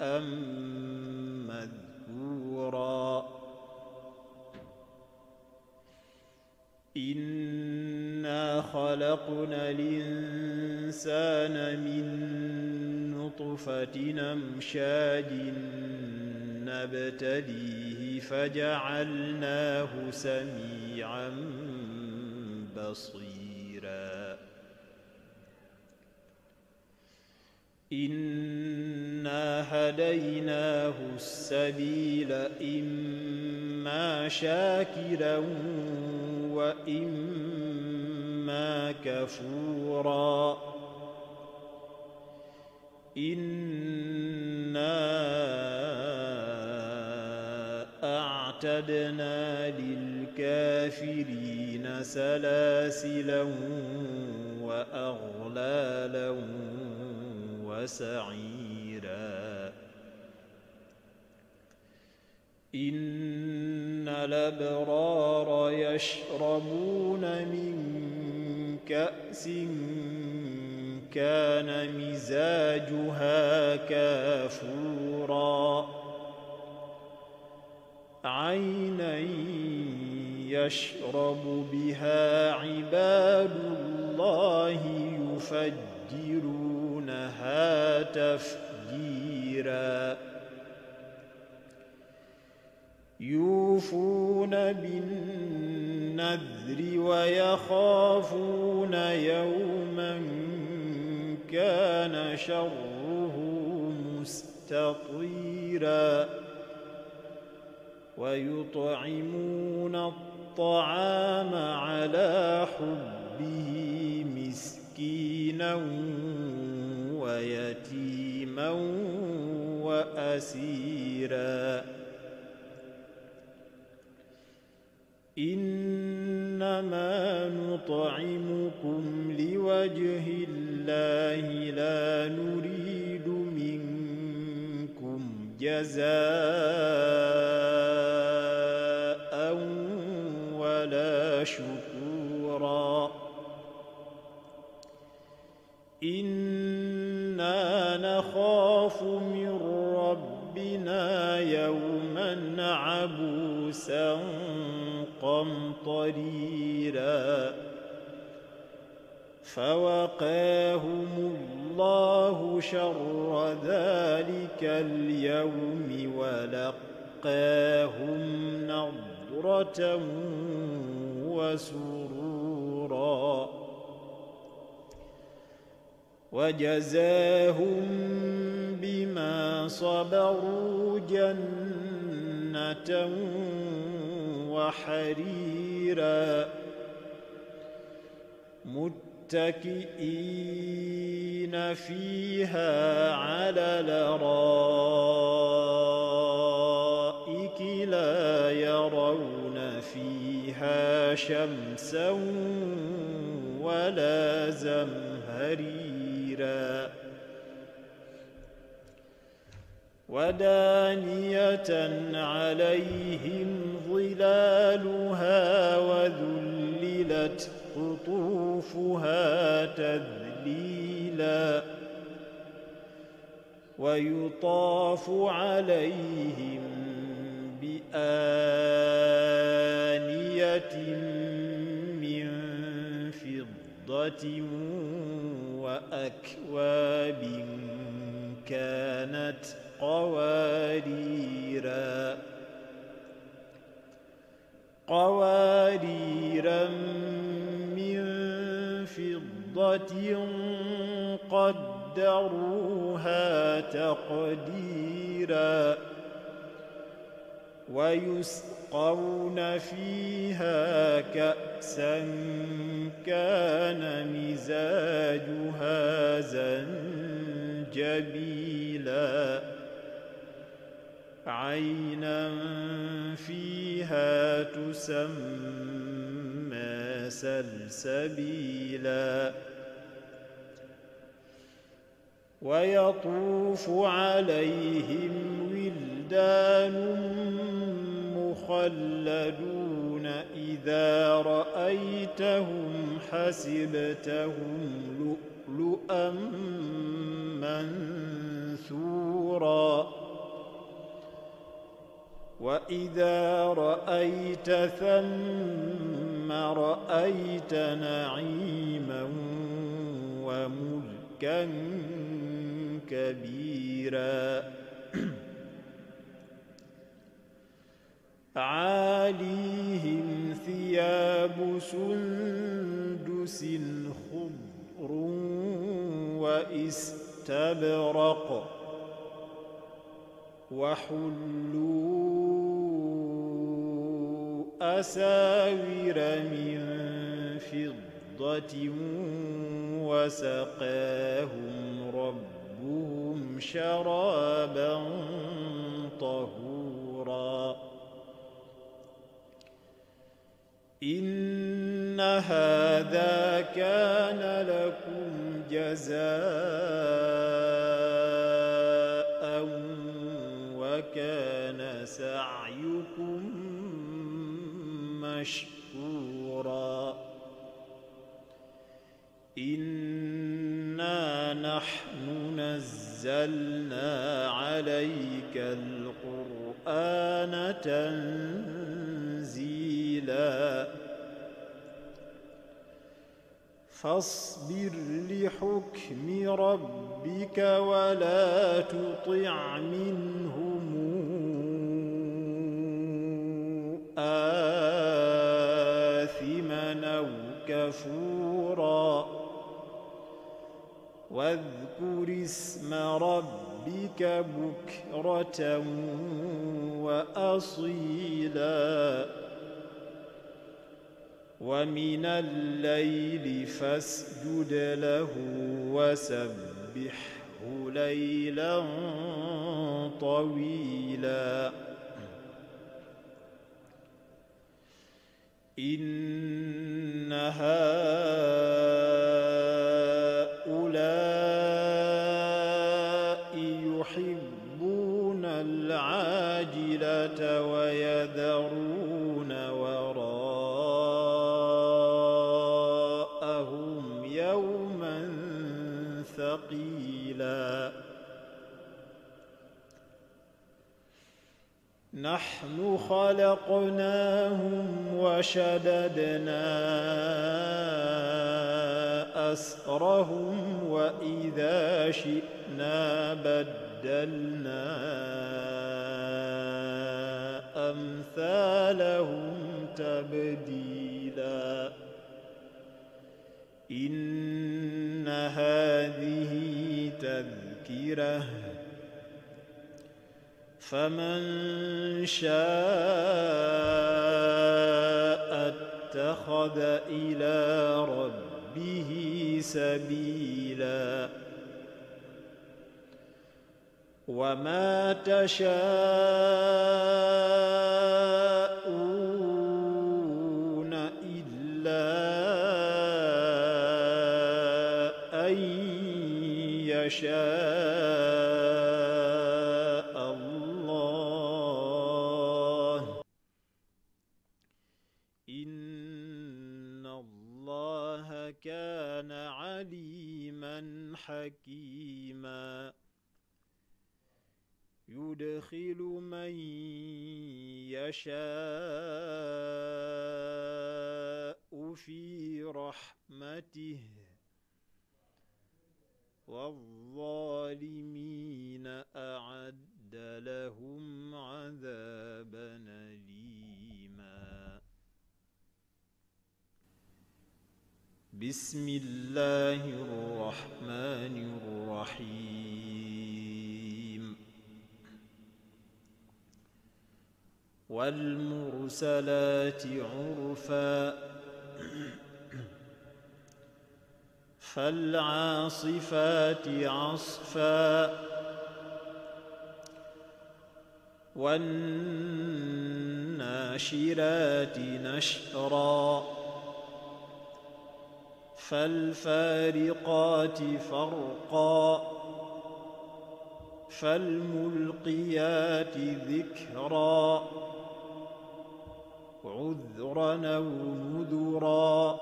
أم مذكورا إنا خلقنا الإنسان من نطفة أمشاج نبتليه فجعلناه سميعا بصيرا إنا هديناه السبيل إما شاكرا وإما كفورا إنا أعتدنا للكافرين سلاسلا وأغلالا وسعيرا إن الأبرار يشربون من كأس كان مزاجها كافورا عينا يشرب بها عباد الله يفجرون ويفجرونها تفجيرا يوفون بالنذر ويخافون يوما كان شره مستطيرا ويطعمون الطعام على حبه مسكينا ويتيما واسيرا انما نطعمكم لوجه الله لا نريد منكم جزاء ولا شكورا إن إنا نخاف من ربنا يوما عبوسا قمطريرا فوقاهم الله شر ذلك اليوم ولقاهم نضرة وسرورا وجزاهم بما صبروا جنة وحريرا متكئين فيها على الارائك لا يرون فيها شمسا ولا زمهريرا خيرا ودانية عليهم ظلالها وذللت قطوفها تذليلا ويطاف عليهم بآنية من فضة وأكواب كانت قواريرا قواريرا من فضة قدروها تقديرا ويسقون فيها كأسا كان مزاجها زنجبيلا عينا فيها تسمى سلسبيلا ويطوف عليهم ولد ولدان مخلدون إذا رأيتهم حسبتهم لؤلؤا منثورا وإذا رأيت ثم رأيت نعيما وملكا كبيرا عاليهم ثياب سندس خضر واستبرق وحلوا أساور من فضة وسقاهم ربهم شرابا طهورا إن هذا كان لكم جزاء وكان سعيكم مشكورا إنا نحن نزلنا عليك القرآن تنزيلا إلا فاصبر لحكم ربك ولا تطع منهم آثما أو كفورا واذكر اسم ربك بكرة وأصيلا ومن الليل فاسجد له وسبحه ليلا طويلا إن هؤلاء يحبون العاجلة ويذرون نحن خلقناهم وشددنا أسرهم وإذا شئنا بدلنا أمثالهم تبديلا إن هذه تذكره فمن شاء اتخذ إلى ربه سبيلا وما تشاءون إلا أن يشاء يدخل من يشاء في رحمته والظالمين أعد لهم عذابا أليما بسم الله الرحمن الرحيم والمرسلات عرفا فالعاصفات عصفا والناشرات نشرا فالفارقات فرقا فالملقيات ذكرا عذرا أو نذرا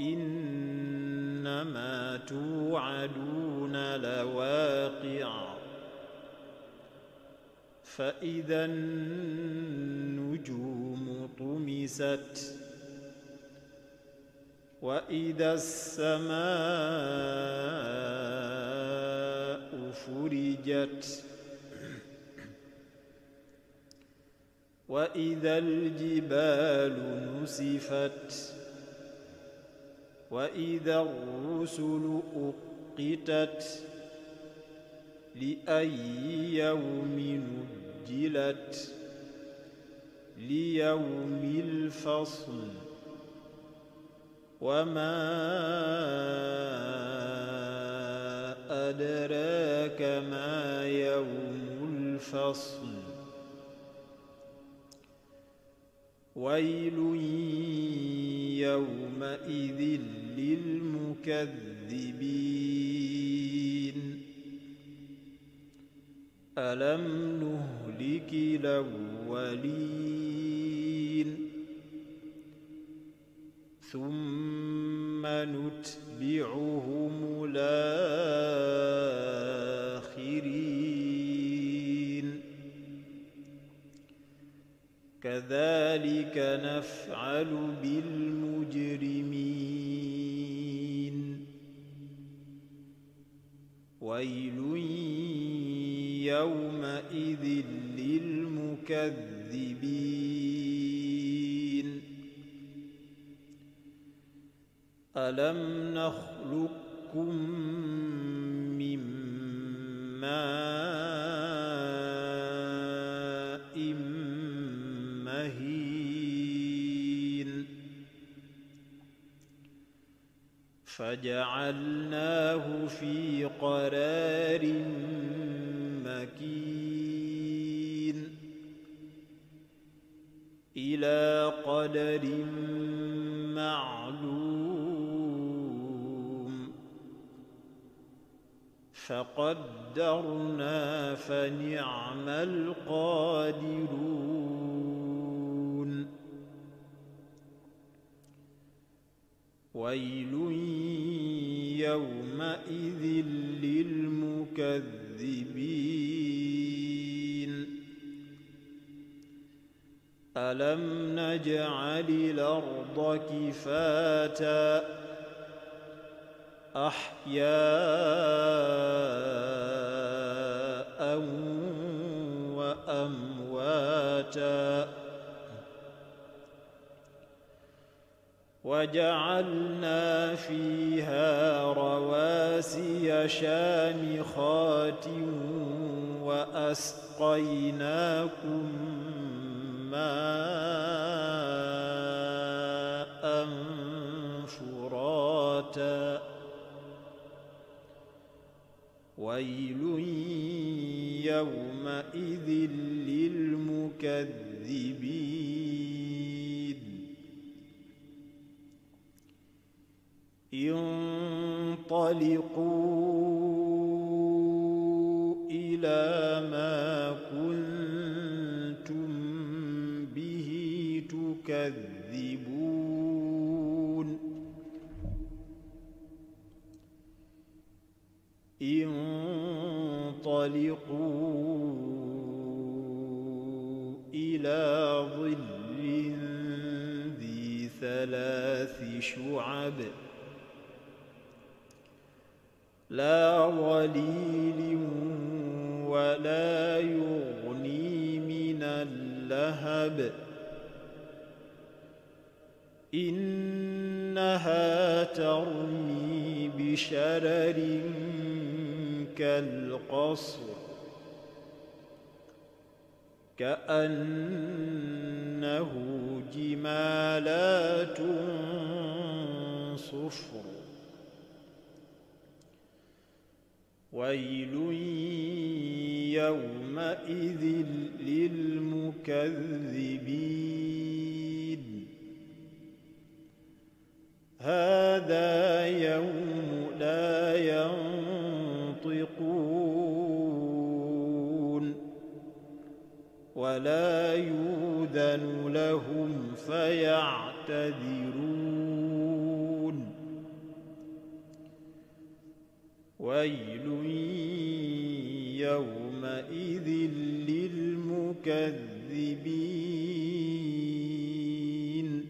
إنما توعدون لواقع فإذا النجوم طمست وإذا السماء فرجت wa idal jibaalu nusifat wa idar rusulu uqitat li ayyi yawmin ujjilat li yawmil fasl wa maa adraaka maa yawmul fasl ويل يومئذ للمكذبين ألم نهلك الأولين ثم نتبعهم الآخرين كذلك نفعل بالمجرمين ويل يومئذ للمكذبين ألم نخلقكم من ماء فجعلناه في قرار مكين إلى قدر معلوم فقدرنا فنعم القادرون ويل يومئذ للمكذبين ألم نجعل الأرض كفاتا أحياء وأمواتا وجعلنا فيها رواسي شامخات وأسقيناكم ماء فراتا ويل يومئذ للمكذبين انطلقوا إلى ما كنتم به تكذبون انطلقوا إلى ظل ذي ثلاث شعب laa waliilin walaa yugnii minal lahab innahaa tarmii bishararin kal qasr ka'annahu jimalatun sufr ويل يومئذ للمكذبين هذا يوم لا ينطقون ولا يؤذن لهم فيعتذرون ويل المكذبين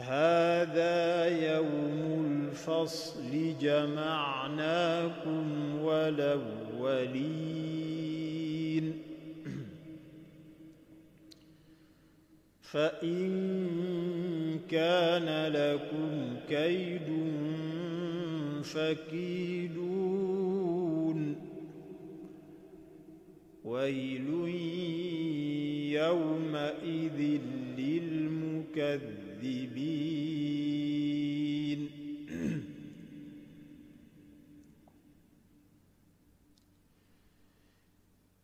هذا يوم الفصل جمعناكم والأولين فإن كان لكم كيد فكيدون ويل يومئذ للمكذبين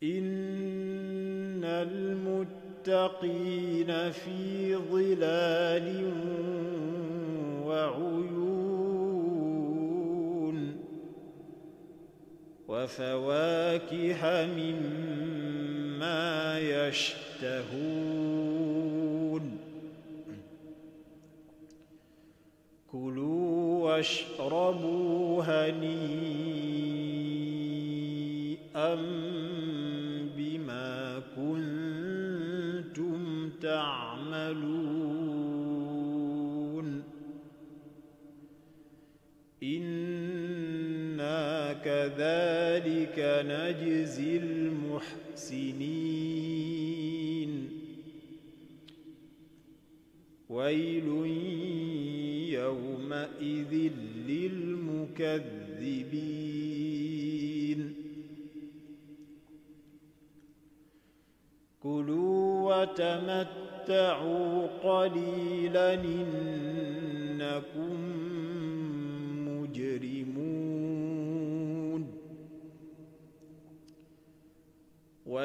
إن المتقين في ظلال وعيون وفواكه مما يشتهون كلوا واشربوا هنيئا بما كنتم تعملون وكذلك نجزي المحسنين ويل يومئذ للمكذبين كلوا وتمتعوا قليلا إنكم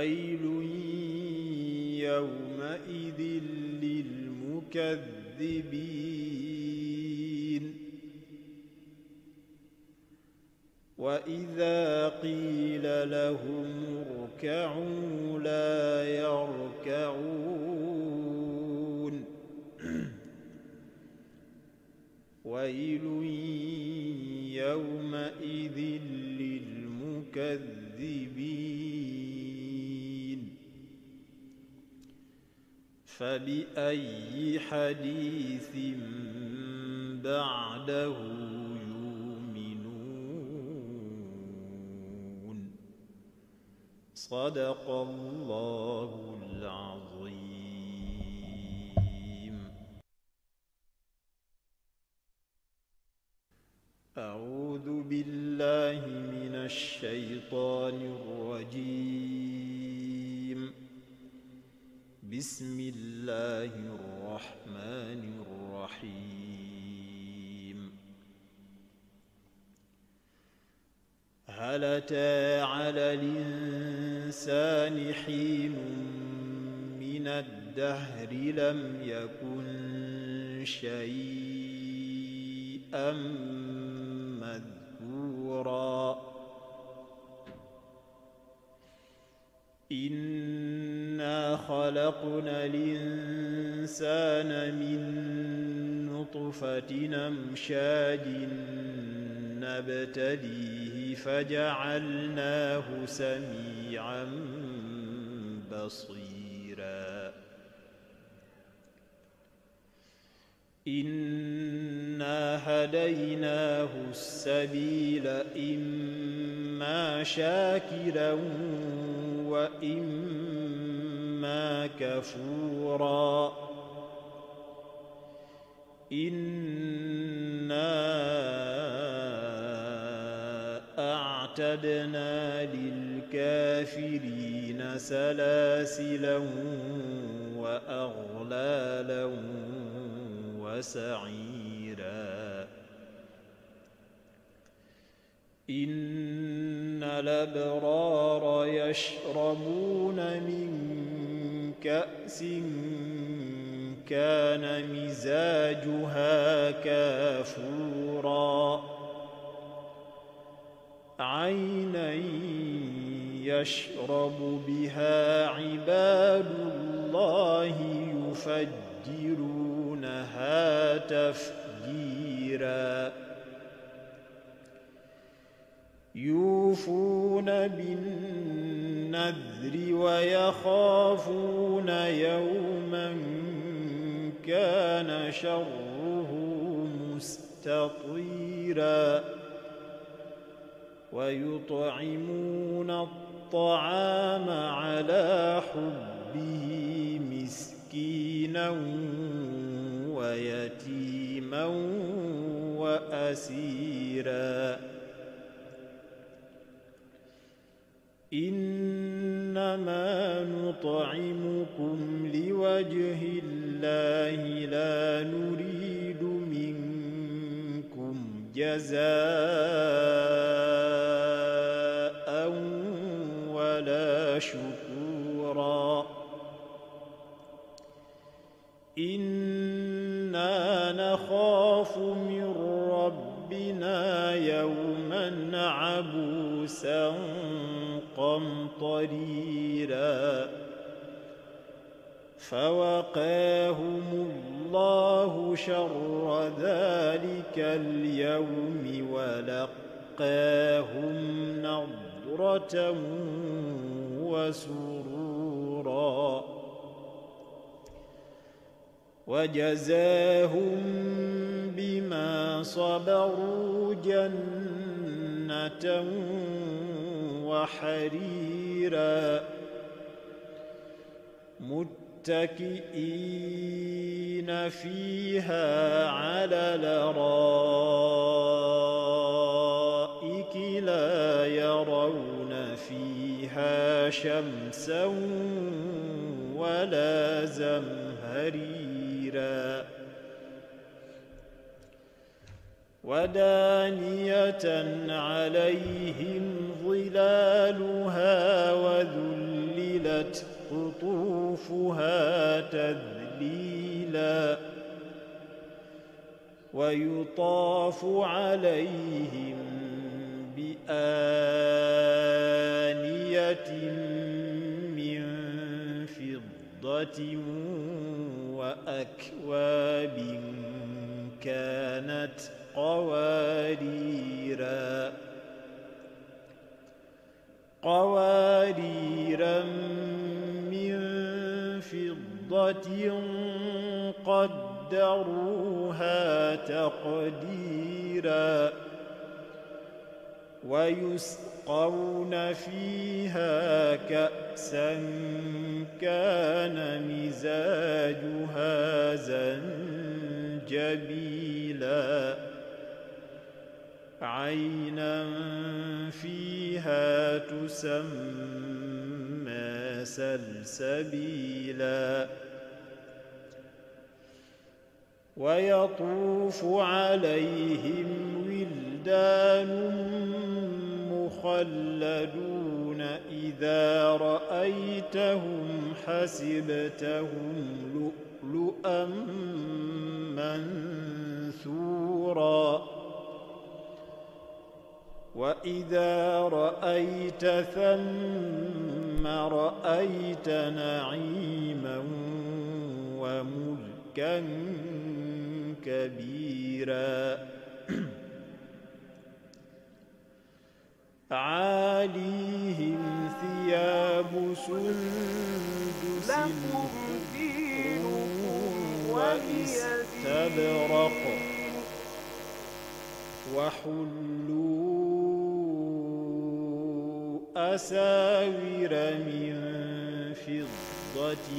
ويل يومئذ للمكذبين وإذا قيل لهم اركعوا بحديث بعده يؤمنون صدق الله أتى على الإنسان حين من الدهر لم يكن شيئا مذكورا إنا خلقنا الإنسان من نطفة أمشاج نبتليه فجعلناه سميعا بصيرا انا هديناه السبيل اما شاكرا واما كفورا وجعلنا للكافرين سلاسلا وأغلالا وسعيرا إن الأبرار يشربون من كأس كان مزاجها كافوراً عينا يشرب بها عباد الله يفجرونها تفجيرا يوفون بالنذر ويخافون يوما كان شره مستطيرا ويطعمون الطعام على حبه مسكينا ويتيما واسيرا انما نطعمكم لوجه الله لا نريد منكم جزاء شكورا انا نخاف من ربنا يوما عبوسا قمطريرا فوقاهم الله شر ذلك اليوم ولقاهم نضره وسرورا وجزاهم بما صبروا جنة وحريرا متكئين فيها على الأرائك لا يرون فيها شمسا ولا زمهريرا ودانية عليهم ظلالها وذللت قطوفها تذليلا ويطاف عليهم بآل درجات من فضة وأكواب كانت قواريرا قواريرا من فضة قدروها تقديرا ويسقون فيها كأسا كان مزاجها زنجبيلا عينا فيها تسمى سلسبيلا ويطوف عليهم ولدان مخلدون إذا رأيتهم حسبتهم لؤلؤا منثورا وإذا رأيت ثم رأيت نعيما وملكا كبيرا عليهم ثياب سندس واستبرق وحلوا أساور من فضة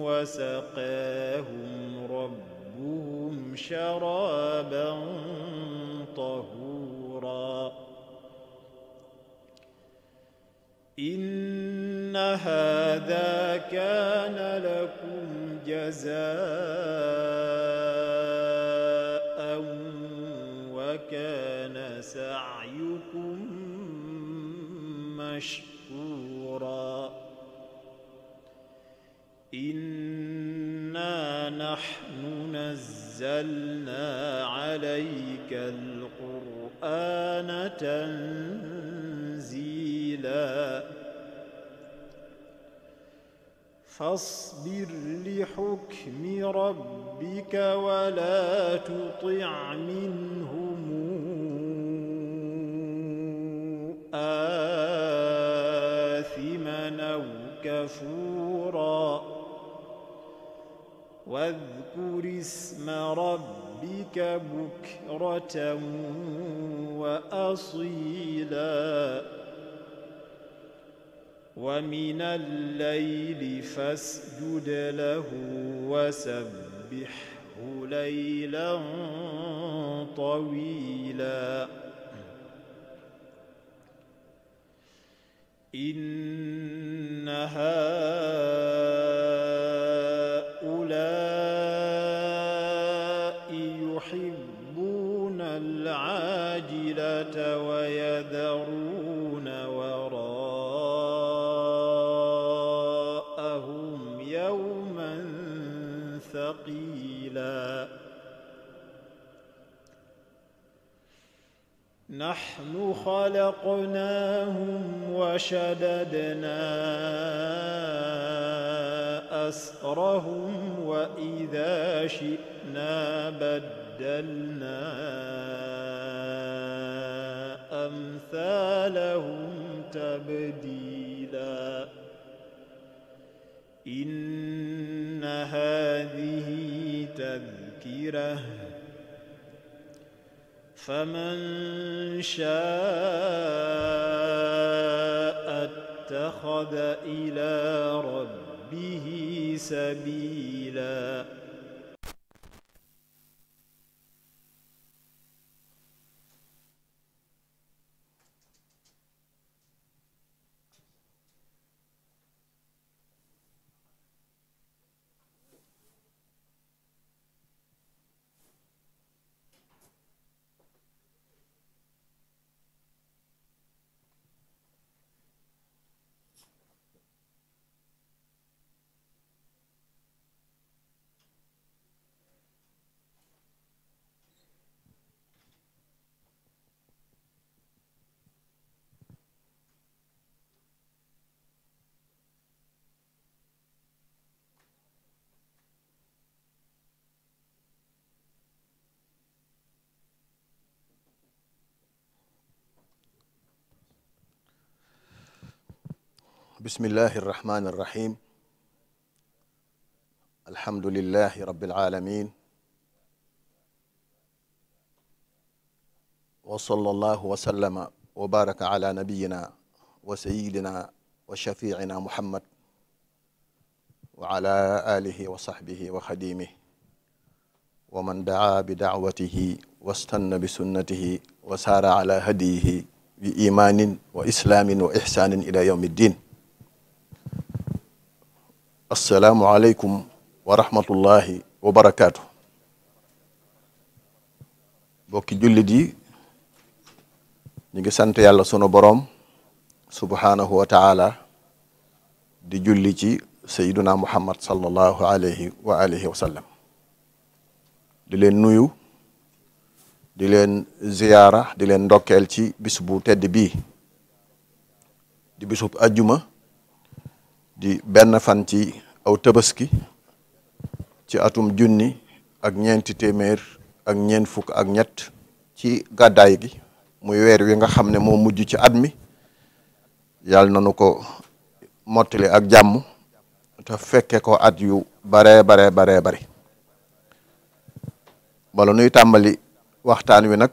وسقاهم ربهم شرابا إن هذا كان لكم جزاء وكان سعيكم مشكورا إنا نحن نزلنا عليك القرآن تنزيلا فاصبر لحكم ربك ولا تطع منهم آثما أو كفورا واذكر اسم ربك بكرة وأصيلا ومن الليل فاسجد له وسبحه ليلا طويلا إن هذا نحن خلقناهم وشددنا أسرهم وإذا شئنا بدلنا أمثالهم تبديلا إن هذه تذكره فمن شاء اتخذ إلى ربه سبيلا bismillahi irrahmani irrahim alhamdulilahi rabilalamin wasala allahu wasallama wa baraka ala nabiyina wa sayidina wa shafiina muhammad wa ala alihi wa saxbihi wa xadimih wa man daa bi daawatihi wastanna bi sunnatihi wa saara ala hadiyihi bi imaanin wa islaamin wa ixsaanin ila yawmi ddin asalaamualeykum wa rahmatullahi wa barakaatu mbokki jullit yi ñu ngi sant yàlla sunu boroom subhaanahu wa di julli ci sayyiduna muhammad sallallahu alayhi wa di leen nuyu di leen ziyaara di leen ndokkeel ci bis bu tedd di bisub ajjuma di benn fan ci aw tabaski ci atum junni ak ñeenti téeméer ak ñeent fukk ak ñett ci gàddaay gi muy weer wi nga xam ne moo mujj ci at mi yàlla na nu ko mottali ak jàmm te fekke ko at yu baree baree baree bala nuy tàmbali waxtaan wi nag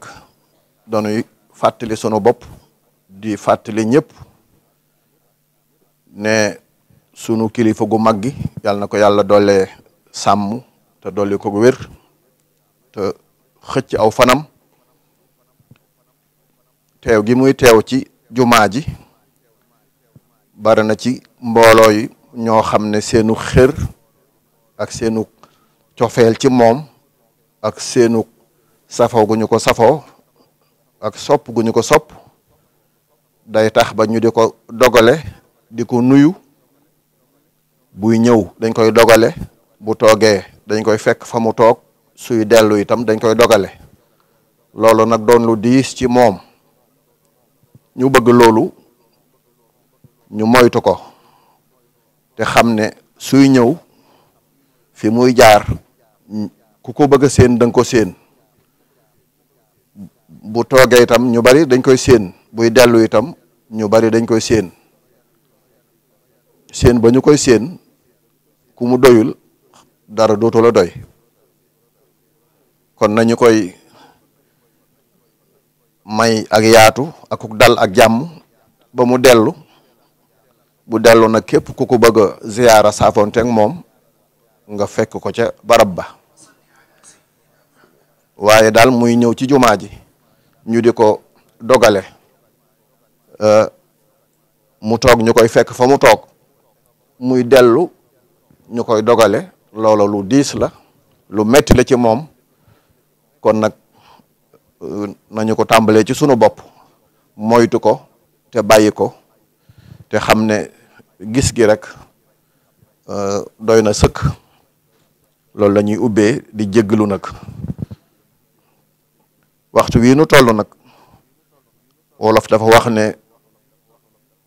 dañuy fàttali sunu bopp di fàttali ñëpp ne sunu kilifa gu mag gi yàlla na ko yàlla doole sàmm te doole ko gu wér te xëcc aw fanam teew gi muy teew ci jumaa ji bari na ci mbooloo ñoo xam ne seenu xër ak seenu cofeel ci moom ak seenu safoo gu ñu ko safoo ak sopp gu ñu ko sopp day tax ba ñu di ko dogale di ko nuyu buy ñëw dañ koy dogale bu toogee dañ koy fekk fa mu toog suy dellu itam dañ koy dogale loolu nag doon lu diis ci moom ñu bëgg loolu ñu moytu ko te xam ne suy ñëw fi muy jaar ku ko bëgg séen danga ko séen bu toogee itam ñu bari dañ koy séen buy dellu itam ñu bari dañ koy séen séen ba ñu koy séen ku mu doyul dara dootu la doy kon nañu koy may ak yaatu ak dal ak jàmm ba mu dellu bu dellu na képp ku ko bëgg a ziyaara saafonteeg moom nga fekk ko ca barab ba waaye daal muy ñëw ci jumaa ji ñu di ko dogale eh, mu toog ñu koy fekk fa mu toog muy dellu ñu koy dogale loolo lu diis la lu metti la ci moom kon nag euh, nañu ko tàmbalee ci sunu bopp moytu ko te bàyyi ko te xam ne gis gi rek euh, doy na sëkk loolu la ñuy ubbee di jégglu nag waxtu wii tollu toll nag wolof dafa wax ne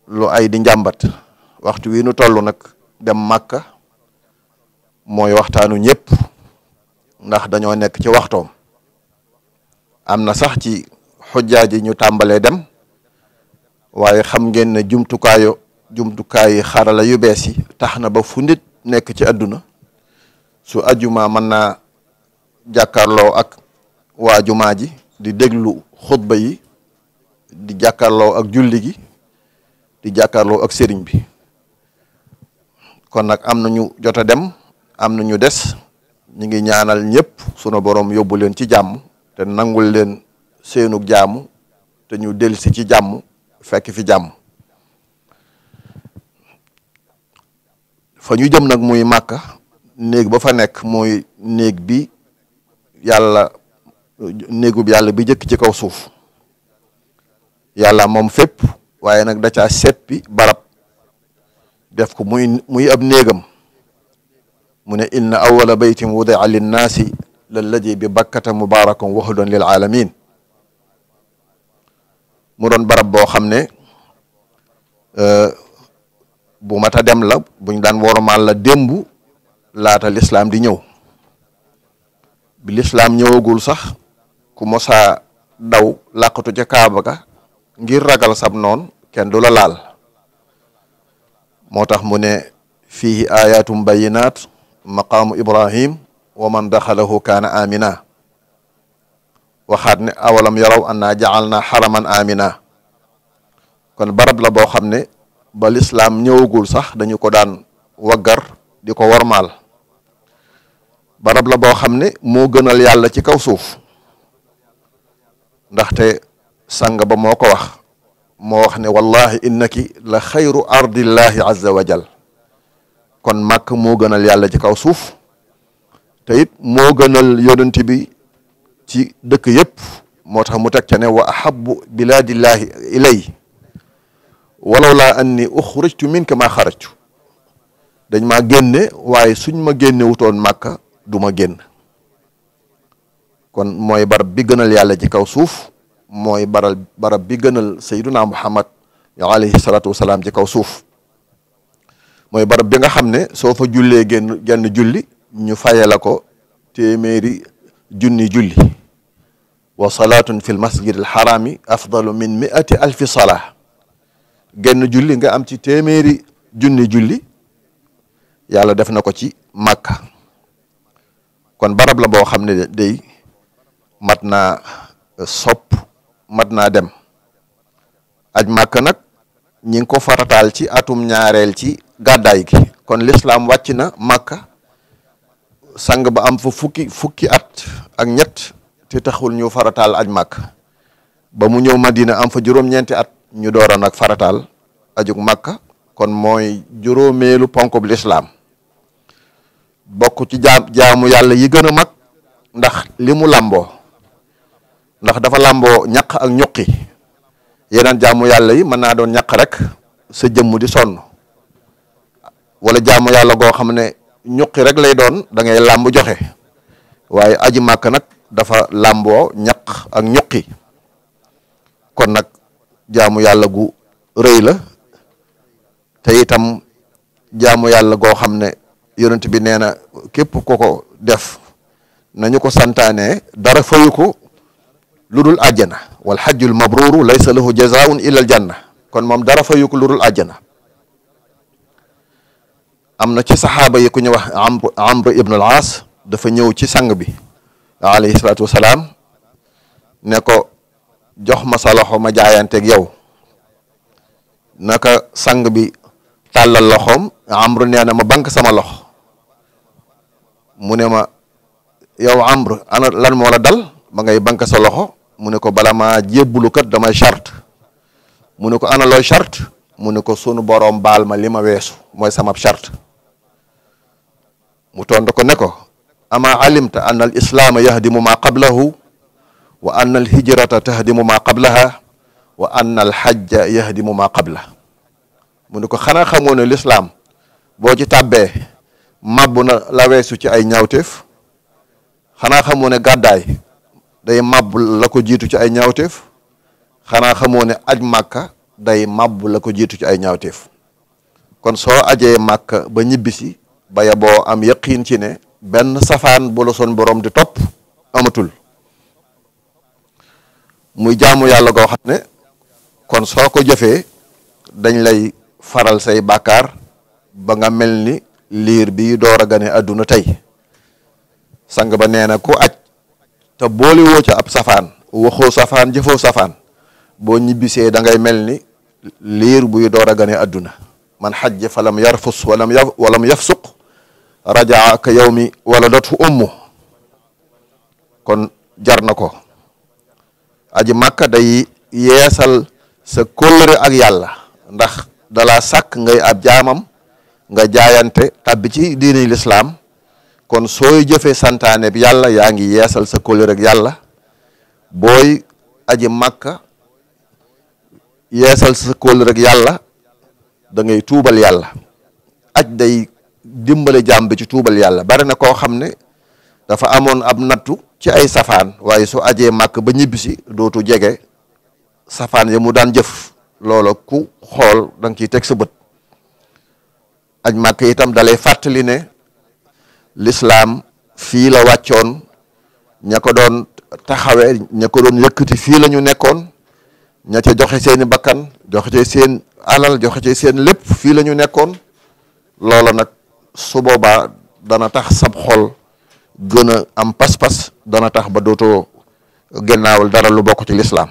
lu ay di njàmbat waxtu wii nu toll nag dem màkka mooy waxtaanu ñëpp ndax dañoo nekk ci waxtoom am na sax ci xujjaaj yi ñu tàmbalee dem waaye xam ngeen ne jumtukaayu jumtukaayu xarala yu bees yi tax na ba fu nekk ci àdduna su ajuma mën naa jàkkaarloo ak waa jumaa ji di déglu xutba yi di jàkkaarloo ak julli gi di jàkkaarloo ak sëriñ bi kon nag am na ñu jot a dem am na ñu des ñu ngi ñaanal ñëpp sunu borom yóbbu ci jàmm te nangul leen seenu jaamu te ñu delsi ci jàmm fekk fi jàmm fa ñu jëm nag muy màkka néeg ba fa nekk mooy néeg bi yàlla néegu yàlla bi jëkk ci kaw suuf yàlla moom fépp waaye nag da caa seppi barab def ko muy muy ab néegam mu ne inna awala baytin wudia linnaasi lalladi bi bakkata mubarakum wahudan lil aalamin mu doon barab boo xam ne euh, bu mata dem la buñ daan wormaal la démb laata lislaam di ñëw bi lislaam ñëwagul sax ku mosaa daw làqatu ca kaaba ga ngir ragal sab noon kenn du la laal moo tax mu ne fiihi ayatum bayinaat maqaamu ibrahim wa man daxalahu kaana amina waxaat ne awalam yaraw annaa jacal naa xaraman amina kon barab la boo xam ne ba lislaam ñëwagul sax dañu ko daan waggar di ko war warmaal barab la boo xam ne moo gënal yàlla ci kaw suuf ndaxte sang ba moo ko wax moo wax ne wallahi innaki la xayru ardillahi azza wa jal kon màkk moo gënal yàlla ci kaw suuf te moo gënal yonent bi ci dëkk yépp moo tax mu teg ca ne wa ahabu bilaadillahi ilay walaw laa anni uxrijtu minka maa xarajtu dañ maa génne waaye suñ ma génne wutoon màkka du ma génn kon mooy barab bi gënal yàlla ci kaw suuf mooy baral barab bi gënal sayyiduna muhammad alayhi salaatu wasalaam ci kaw suuf mooy barab bi nga xam ne soo fa jullee genn genn julli ñu faye la ko téeméeri junni julli wa salaatun fi masjid al xaraami afdalu min miati alfi salaa genn julli nga am ci téeméeri junni julli yàlla def na ko ci màkka kon barab la boo xam ne day mat naa sopp naa dem aj màkk nag ñi ngi ko farataal ci atum ñaareel ci gàddaay gi kon lislaam wàcc na màkka sang ba am fa fukki fukki at ak ñett te taxul ñu farataal aj màkka ba mu ñëw madina am fa juróom at ñu doora nag farataal ajug màkka kon mooy juróomeelu ponk lislaam bokk ci jaam jaamu yàlla yi gën a mag ndax limu mu ndax dafa làmboo ñaq ak ñuqi yeneen jaamu yàlla yi mën naa doon ñaq rek sa jëmmu di sonn wala jaamu yàlla goo xam ne ñuqi rek lay doon da ngay làmb joxe waaye aji màkk nag dafa làmboo ñaq ak ñuqi kon nag jaamu yàlla gu rëy la te itam jaamu yàlla goo xam ne yonent bi nee na képp ko ko def nañu ko santaane dara fayu ko lu dul àjjana wal xajjul mabruuru laysa lahu jazaun illa al janna kon moom dara fayu ko lu dul àjjana am na ci saxaaba yi ku ñu wax amr amr aas dafa ñëw ci sang bi alayhi salaatu wasalaam ne ko jox ma sa loxo ma jaayanteeg yow naka sang bi tàllal loxoom amr nee na ma bank sama lox mu ne ma yow amr ana lan moo la dal ma ngay bank sa loxo mu ne ko bala maa jébbulu kat damay mu ne ko ana looy mu ne ko sunu boroom baal ma li ma weesu mooy sama charte mu tontu ko ne ko ama alimta anna al islaama yahdimu maa qablahu wa anna al hijrata tahdimu maa qablaha wa anna al hajja yahdimu qabla mu ne ko xanaa xamoo ne lislaam boo ci tàbbee màbb na la ci ay ñaawteef xanaa xamoo ne gàddaay day màbb la ko jiitu ci ay ñaawteef xanaa xamoo ne aj màkka day màbb la ko jiitu ci ay ñaawteef kon soo ajee màkka ba ñibbisi ba yaboo am yaqiin ci ne benn safaan bu son borom di topp amatul muy jaamu yàlla goo xam ne kon soo ko jëfee dañ lay faral say bàkkaar ba nga mel ni liir bi door a gane àdduna tey sang ba nee na ku aj te boole woo ab safaan waxoo safaan jëfoo safaan boo ñibbisee da ngay mel ni liir buy door a gane àdduna man xajja fa lam yarfus walam yaf walam rajaa ka yawmi waladatu ummu kon jar na ko aji màkka day yeesal sa kóllëre ak yàlla ndax dala sàkk ngay ab jaamam nga jaayante tàbbi ci diini lislaam kon sooy jëfee santaane bi yàlla yaa ngi yeesal sa kóllëre ak yàlla booy aji màkka yeesal sa kol ak yàlla da ngay tuubal yàlla aj day dimbale jàmm bi ci tuubal yàlla bari na koo xam ne dafa amoon ab nattu ci ay safaan waaye su ajee màkk ba ñibbisi dootu jege safaan ya mu daan jëf loola ku xool danga nga ciy teg sa bët aj màkk itam dalay fàttali ne lislaam fii la wàccoon ña ko doon taxawe ña ko doon yëkkati fii lañu nekkoon ña ca joxe seeni bakkan joxe ci seen alal joxe ci seen lépp fii la nekkoon loola nag su boobaa dana tax sab xol gën a am pas-pas dana tax ba dootoo gennaawal dara lu bokk ci lislaam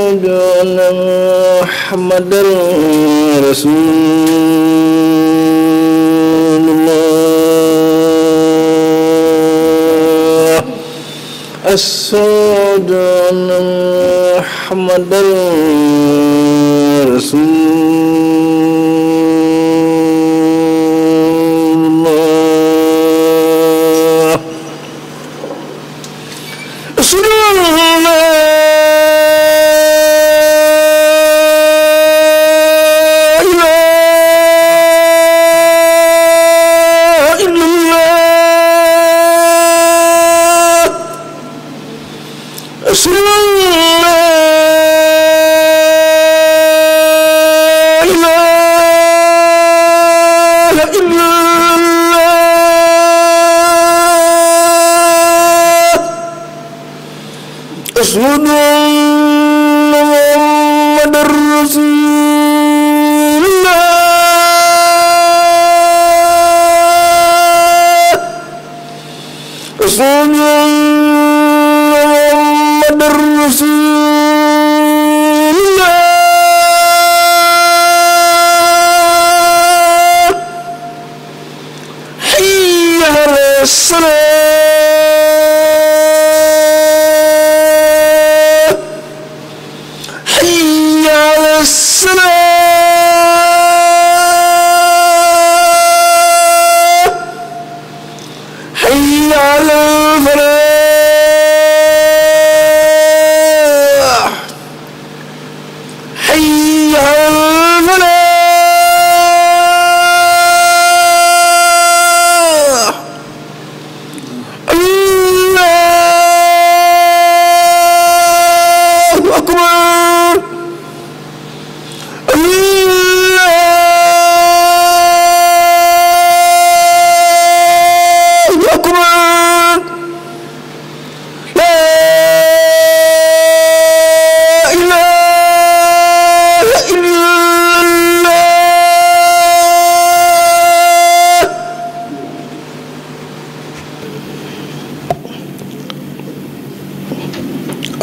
بأن محمدا رسول الله أشهد أن محمدا رسول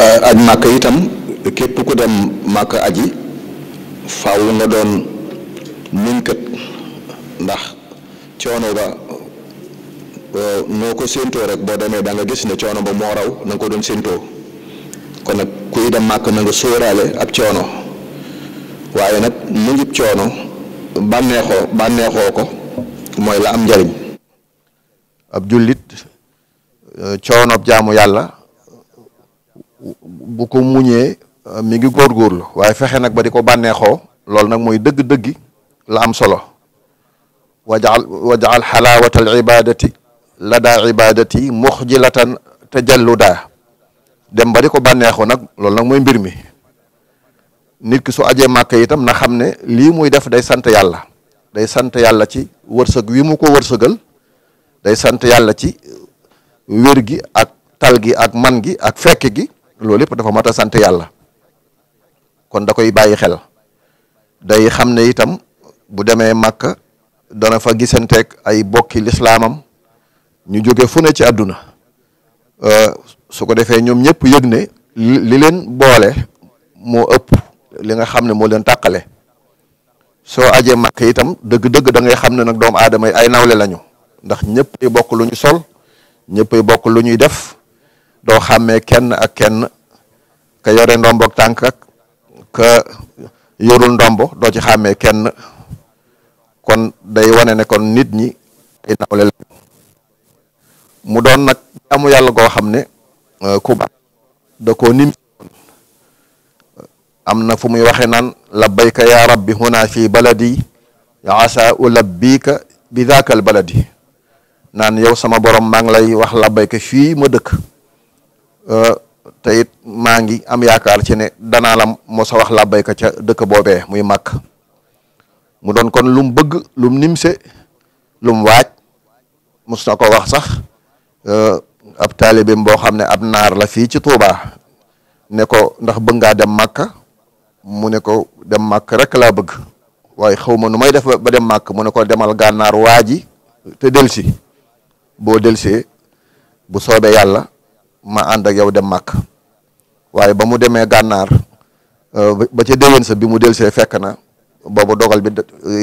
Euh, aj màkk itam képp ku dem màkk aji faaw nga doon muñkat ndax coono ba euh, noo ko séentoo rek boo demee da gis ne coono ba moo raw na ko doon séentoo kon nag kuy dem màkk na nga sóoraale ab coono waaye nag mu coono bànneexoo bànneexoo ko mooy la am njariñ ab jullit euh, coono jaamu yàlla bu ko muñee euh, mi ngi góorgóorlu waaye fexe nag ba di ko bànneexoo loolu nag mooy dëgg-dëggi la am solo wajaxal wajaal xalaawata al ibadati la daa ibadati muxjilatan tajalluda dem ba di ko bànneexoo nag loolu nag mooy mbir mi nit ki su ajee màkk itam na xam ne lii muy def day sant yàlla day sant yàlla ci wërsëg wi mu ko wërsëgal day sant yàlla ci wér gi ak tal gi ak man gi ak fekk gi loolu yëpp dafa mat a sant yàlla kon da koy bàyyi xel day xam ne itam bu demee Màkka dana fa gisanteeg ay bokki lislaamam ñu jóge fu ne ci àdduna euh, su ko defee ñoom ñëpp yëg ne li leen boole moo ëpp li nga xam ne moo leen tàqale soo ajee màkk itam dëgg-dëgg da xam ne nag doomu aadama yi ay nawle lañu ndax ñëpp ay bokk lu ñu sol ñëpp ay bokk lu ñuy def doo xàmmee kenn ak kenn ka yore ndombo ak tànk ak ka yorul ndombo doo ci xàmmee kenn kon day wane ne kon nit ñi ay mu doon nag jaamu yàlla goo xam ne euh, ku ba nim am na fu muy waxe naan labbayka ya rabbi huna fi baladi asa ulabbika bi daakal baladi naan yow sama borom maa ngi lay wax labbayka fii ma dëkk te it maa ngi am yaakaar ci ne danaa la mos a wax labbayka ca dëkk boobe muy màkk mu doon kon lum bëgg lum nimse lum waaj mos na ko wax sax eh, ab taalibim boo xam ne ab naar la fii ci Tuubaa ne ko ndax bëgg ngaa dem màkk mu ne ko dem màkk rek laa bëgg waaye xaw ma nu may def ba dem màkk mu ne ko demal gànnaar waaji te delsi boo delsee bu soobee yàlla ma ànd ak yow dem màkk waaye ba mu demee gànnaar euh, ba ca déwén sa bi mu del see fekk na boobu dogal bi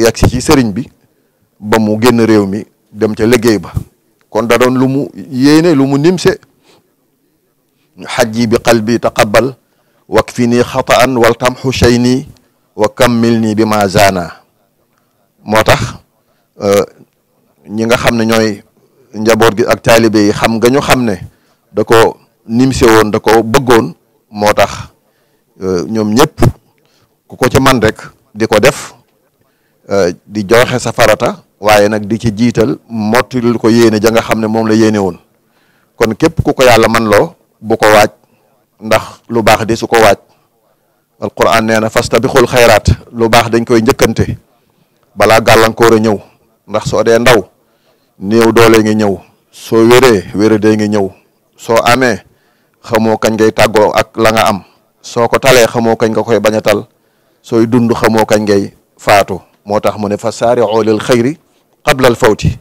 yegg si ci sëriñ bi ba mu génn réew mi dem ca liggéey ba kon da lu mu yéene lu mu nimse xajji bi wak taqabbal wakfini xataan wal tamxu shayni wa kammil nii bi ma zaana moo tax euh, ñi nga xam ne ñooy njaboot gi ak taalibe xam nga ñu xam ne da ko nimse woon da ko bëggoon moo tax euh, ñoom ñëpp ku ko ci man rek di ko def euh, di joxe safarata waaye nag di ci jiital mottilil ko yéene ja nga xam ne moom la yéene woon kon képp ku ko yàlla man loo bu ko waaj ndax lu baax di su ko waaj alquran nee na fastabixul xeeraat lu baax dañ koy njëkkante balaa gàllankoor a ñëw ndax soo dee ndaw néew doole nga ñëw soo wéree wéree de nga ñëw soo amee xamoo kañ ngay tàggoo ak la nga am soo ko talee xamoo kañ nga koy bañ a tal sooy dund xamoo kañ ngay faatu moo tax mu ne fa saari'u lil xayri qabla al fawti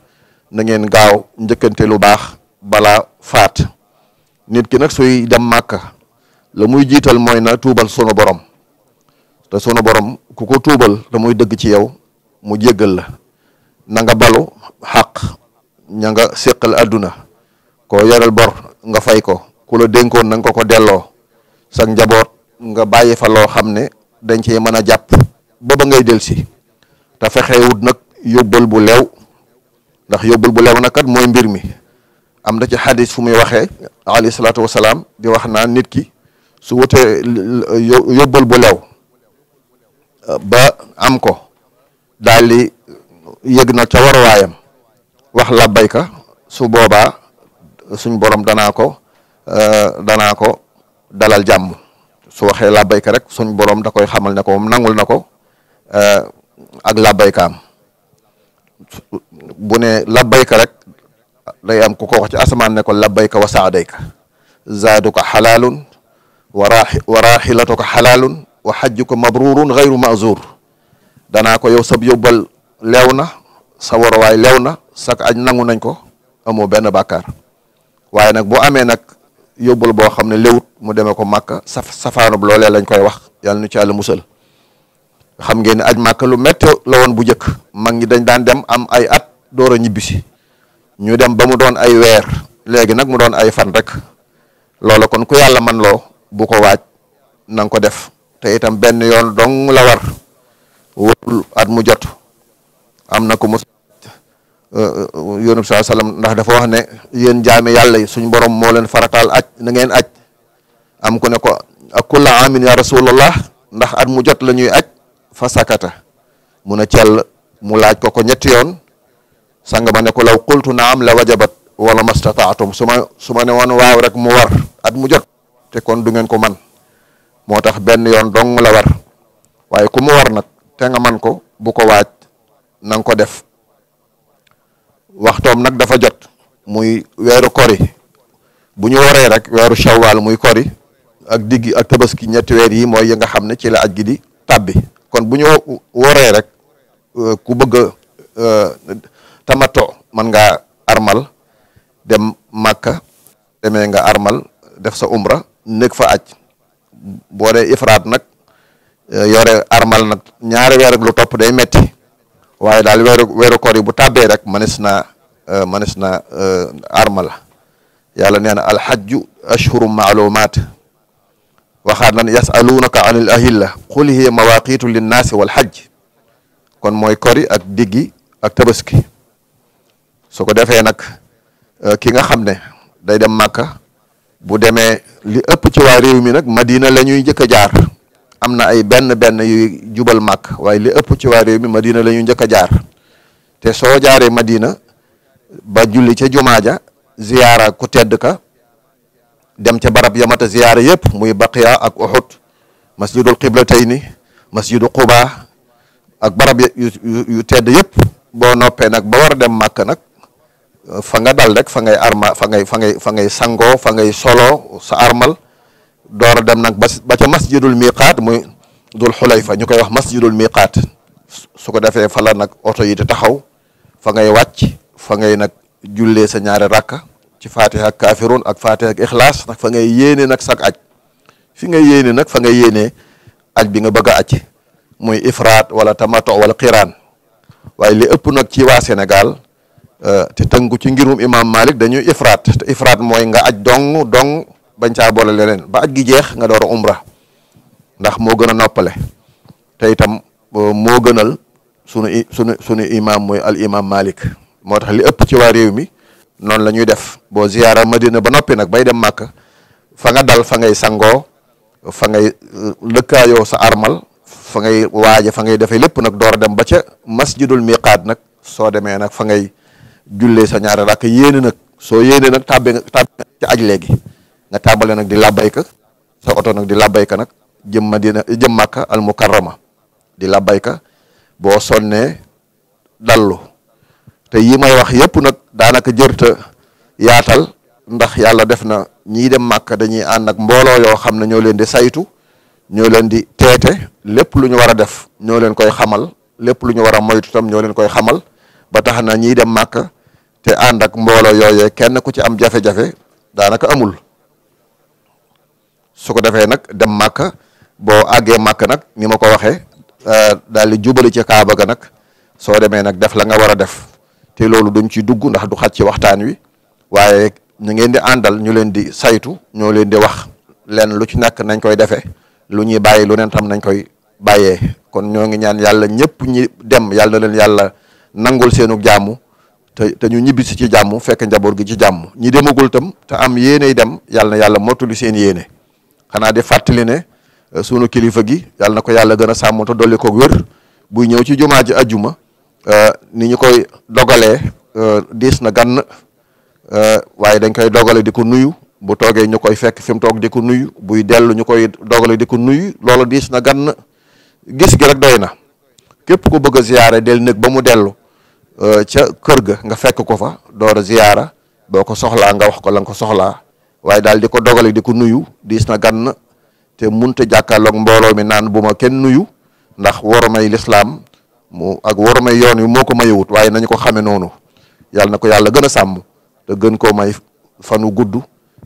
na ngeen gaaw njëkkante lu baax bala faat nit ki nag suy dem màkka la muy jiital mooy na tuubal sunu borom te sunu borom ku ko tuubal te muy dëgg ci yow mu jéggal la na nga balu xaq ña nga séqal àdduna koo yoreel bor nga fay ko ku la dénkoon na ko ko delloo sa njaboot nga bàyyi fa loo xam ne dañ cee mën a jàpp ba ba ngay delsi te fexewut nag yóbbal bu lew ndax yóbbal bu leew nag kat mooy mbir mi am na ci xadis fu muy waxee alayhi salaatu wasalaam di wax naan nit ki su wutee yóbbal bu lew ba am ko daal di yëg na ca warwaayam wax su boobaa suñ borom danaa ko euh, danaa ko dalal jàmm su waxee labbayka rek suñ borom da koy xamal ne ko moom nangul na ko euh, ak labbaykaam bu ne labbayka rek day am ku ko wax ci asamaan ne ko labbayka wa saadayka zaaduka xalaalun wa raaxi wa raaxilatuka xalaalun wa xajjuka mabrurun xayru mazuur danaa ko yow sab yóbbal leew na sa warawaay leew na sak aj nangu nañ ko amoo benn bàkkaar waaye nag boo amee nag yóbbul boo xam ne léwut mu demee ko màkka saf safaanub loolee lañ koy wax yàlla nu ci yàlla musal xam ngeen ne aj màkka lu métti lawoon bu njëkk mag ñi dañ daan dem am ay at door a ñibbisi ñu dem ba mu doon ay weer léegi nag mu doon ay fan rek loola kon ku yàlla man loo bu ko waaj na ko def te itam benn yoon dong la war at mu jot am na ko mos yónub saa ndax dafa wax ne yéen jaame yàlla yi suñ borom moo leen farataal aj na ngeen aj am ku ne ko ak kulla amin ya rasulallah ndax at mu jot la ñuy aj fa sakata mun a mu laaj ko ko ñetti yoon sanga ba ne ko law qultu am la wajabat wala mastataatum su ma su ma ne woon waaw rek mu war at mu jot te kon du ngeen ko man moo tax benn yoon dong la war waaye ku mu war nag te nga man ko bu ko waaj na ko def waxtoom nag dafa jot muy weeru kori bu ñu wooree rek weeru shawwal muy kori ak diggi ak tabaski ñetti weer yi mooy yi nga xam ne ci la aj gi di kon bu ñu wooree rek euh, ku bëgg a euh, tamato man nga armal dem màkka demee nga armal def sa umra nekk fa aj boo dee ifraat nag euh, yore armal nag ñaare weer lu topp day metti waaye daal weeru weeru koor bu tàbbee rek manes naa manes na euh, euh, armala yàlla nee na alxajju ashhuru maalumaat waxaat nan yasaluunaka an il ahilla qul hiya mawaqitu linnaasi walxajj kon mooy kori ak diggi ak tabaski su ko defee nag euh, ki nga xam ne day dem màkka bu demee li ëpp ci waa réew mi nag madina la ñuy jëkk a jaar am na ay benn benn yu jubal màkk waaye li ëpp ci waa réew mi madina la ñu njëkk a jaar te soo jaaree madina ba julli ca jumaa ja ziyaara ku tedd ka dem ca barab yamata ziyaara yëpp muy baqiya ak uxud masjidul qiblatayni masjidu quba ak barab yu tedd yëpp boo noppee nag ba war dem mak nag fa nga dal rek fa ngay arma fa ngay fa ngay fa ngay sangoo fa ngay solo sa armal door a dem nag ba ba ca masjidul miqaat muy dul xulayfa ñu koy wax mas masjidul miqaat su ko defee fa nag oto yi di taxaw fa ngay wàcc fa ngay nag jullee sa ñaari rakka ci fatiha ak kafirun ak fatiha ak ixlaas fa ngay yéene nag sak aj fi ngay yéene nag fa ngay yéenee aj bi nga bëgg a aj muy ifraat wala tamato wala kiran waaye li ëpp nag ci waa senegal euh, te tënku ci ngirum imam malik dañuy ifraat te ifraat mooy nga aj dong dong bañ caa boole leneen ba aj gi jeex nga door a umra ndax moo gën a noppale te itam euh, moo gënal sunu sunu sunu imaam mooy al imaam Malik moo tax li ëpp ci waa réew mi noonu la ñuy def boo ziyaara Madina ba noppi nag bay dem màkk fa nga dal fa ngay sangoo fa ngay euh, lëkkaayoo sa armal fa ngay waaje fa ngay defee lépp nag door a dem ba ca masjidul miqaat nag soo demee nag fa ngay jullee sa ñaar rakk yéene nag soo yéene nag tàbbi nga tàbbi ci aj léegi nga tàmbale nag di labbayka sa oto nag di labbayka nag jëm Madina jëm Makka al mukarrama di labbayka boo sonnee dallu te yi may wax yëpp nag daanaka jërta yaatal ndax yàlla def na ñii dem Makka dañuy ànd ak mbooloo yoo xam ne ñoo leen di saytu ñoo leen di teete lépp lu ñu war a def ñoo leen koy xamal lépp lu ñu war a moytu tam ñoo leen koy xamal ba tax na ñiy dem Makka te ànd ak mbooloo yooyee kenn ku ci am jafe-jafe daanaka amul su ko defee nag dem màkka boo àggee màkk nag ni ma ko waxee euh, daal di jubali ci kaaba ga nag soo demee nag def la nga war a def te loolu duñ ci dugg ndax du xaj waxtaan wi waaye ñu ngeen di àndal ñu leen di saytu ñoo leen di wax leen lu ci nakk nañ koy defee lu ñuy bàyyi lu neen tam nañ koy bàyyee kon ñoo ngi ñaan yàlla ñëpp ñi dem yàlla na leen yàlla nangul seenu jàmm te te ñu ñibbisi ci jàmm fekk njaboot gi ci jàmm ñi demagul tam te am yéeney dem yàlla yàlla mottali seen yéene. xanaa de fàttali ne eh, sunu kilifa gi yàlla na ko yàlla gën a sàmm te dolli ko wér buy ñëw ci jumaa ji ajjuma eh, ni ñu koy dogalee eh, diis na gann waaye dañ koy dogale di ko nuyu bu toogee ñu koy fekk fi mu toog di ko nuyu buy dellu ñu koy dogale di ko nuyu loolu diis na gan gis gi rek doy na képp ku bëgg a ziyaare del nekk ba mu dellu ca kër ga nga fekk ko fa door a ziyaara boo ko soxlaa nga wax ko la nga ko soxlaa waaye daal di ko dogale di ko nuyu diis na gan te munta jàkkaarloog mbooloo mi naan bu ma kenn nuyu ndax may lislaam mu ak may yoon wi moo ko mayewut waaye nañu ko xame noonu yàlla na ko yàlla gën a sàmm te gën koo may fanu gudd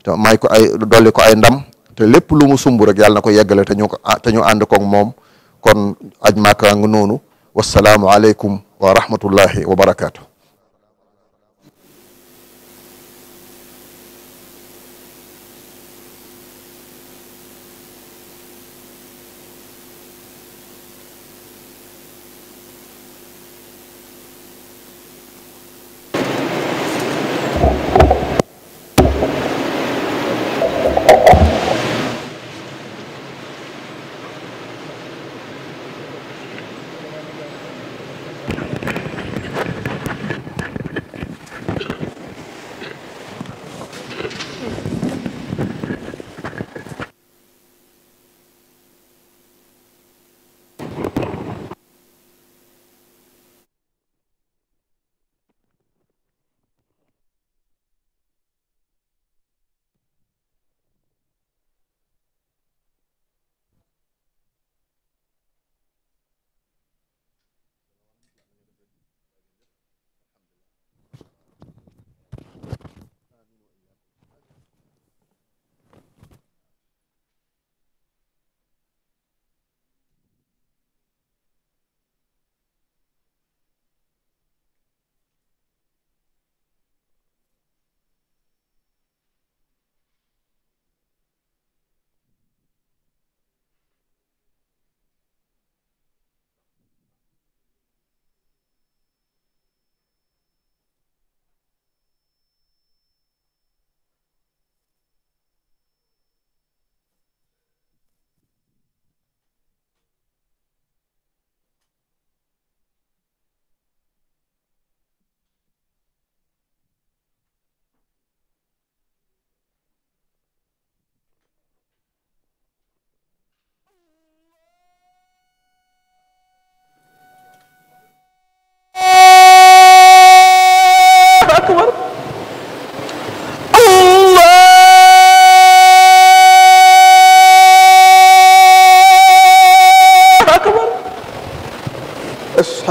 te may ko ay dolli ko ay ndam te lépp lu mu sumb rek yàlla na ko yeggale te ñu ko te ñu ànd moom kon aj màkkaang noonu wasalaamu aleykum wa rahmatullahi wa barakaatu.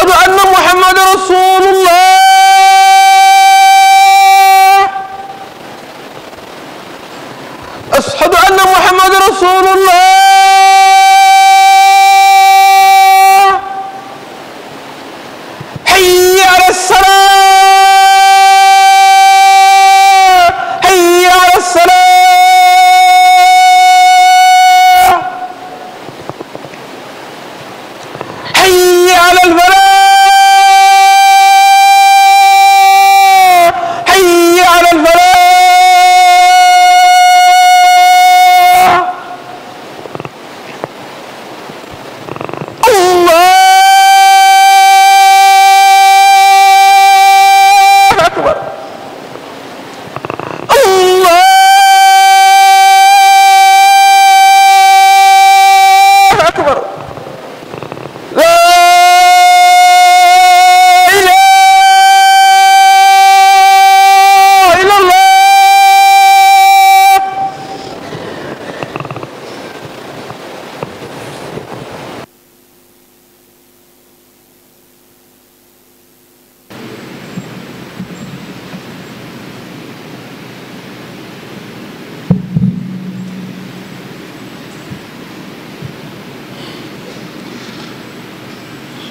ashhadu anna muhammadan rasulullah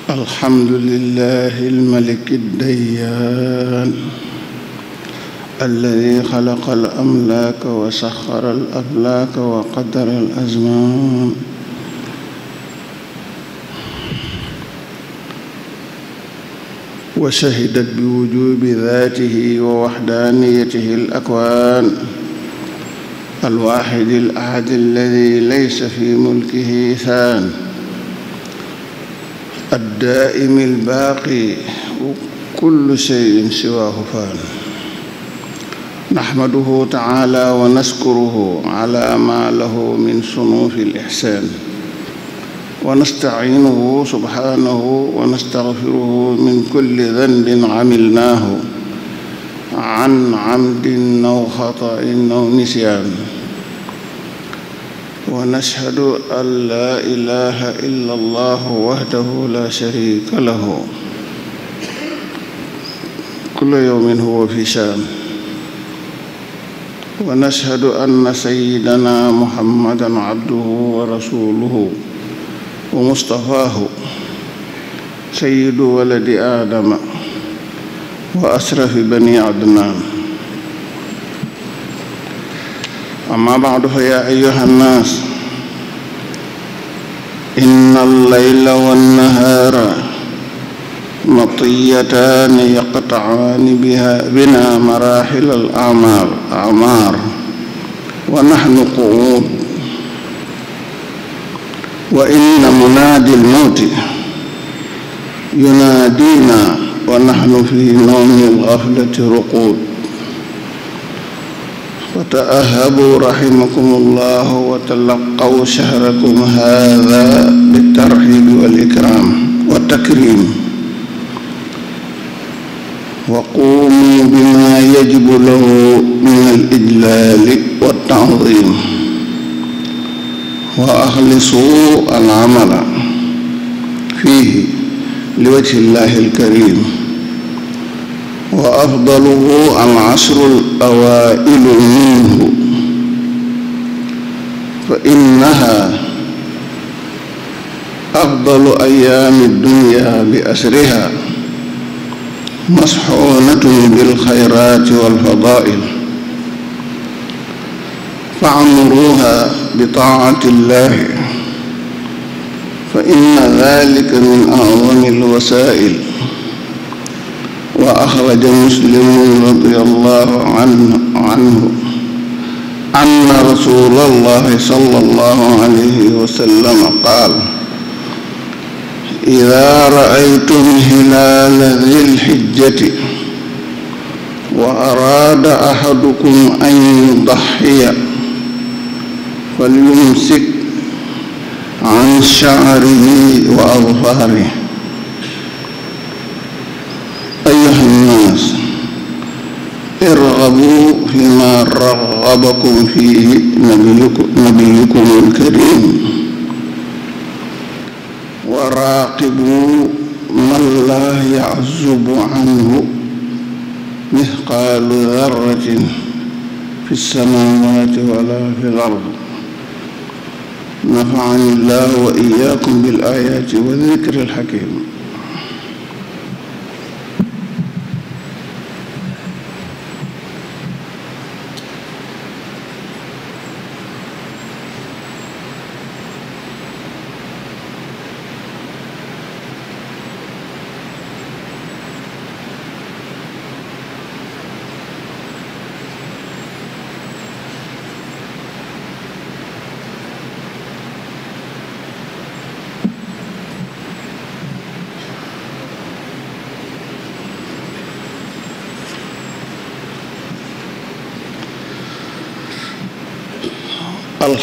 الحمد لله الملك الديان الذي خلق الأملاك وسخر الأفلاك وقدر الأزمان وشهدت بوجوب ذاته ووحدانيته الأكوان الواحد الأحد الذي ليس في ملكه ثان الدائم الباقي وكل شيء سواه فان نحمده تعالى ونشكره على ما له من صنوف الإحسان ونستعينه سبحانه ونستغفره من كل ذنب عملناه عن عمد أو خطأ أو نسيان ونشهد أن لا إله إلا الله وحده لا شريك له كل يوم هو في شام ونشهد أن سيدنا محمدا عبده ورسوله ومصطفاه سيد ولد آدم وأسرف بني عدنان أما بعد فيا أيها الناس إن الليل والنهار مطيتان يقطعان بها بنا مراحل الأعمار أعمار ونحن قعود وإن منادي الموت ينادينا ونحن في نوم الغفلة رقود فتأهبوا رحمكم الله وتلقوا شهركم هذا بالترحيب والإكرام والتكريم وقوموا بما يجب له من الإجلال والتعظيم وأخلصوا العمل فيه لوجه الله الكريم wa afdaluhu al ashrul awaa'ilu minhu fa innaha afdalu ayaami dunya bi asriha masxuunatun bil xayraati wal fadaa'il fa amruha bi taa'ati llahi fa inna dalika min a'zami al wasaa'il wa axraja muslimun radiyallahu anhu anna rasulallahi sallallahu alayhi wa sallam qaala idaa ra'aytum hilaala dhil hijjati wa araada ahadukum an yudahhiya falyumsik an sha'rihi wa azfaarihi فارغبوا فيما رغبكم فيه نبيكم الكريم وراقبوا من لا يعزب عنه مثقال ذرة في السماوات ولا في الأرض نفعني الله وإياكم بالآيات والذكر الحكيم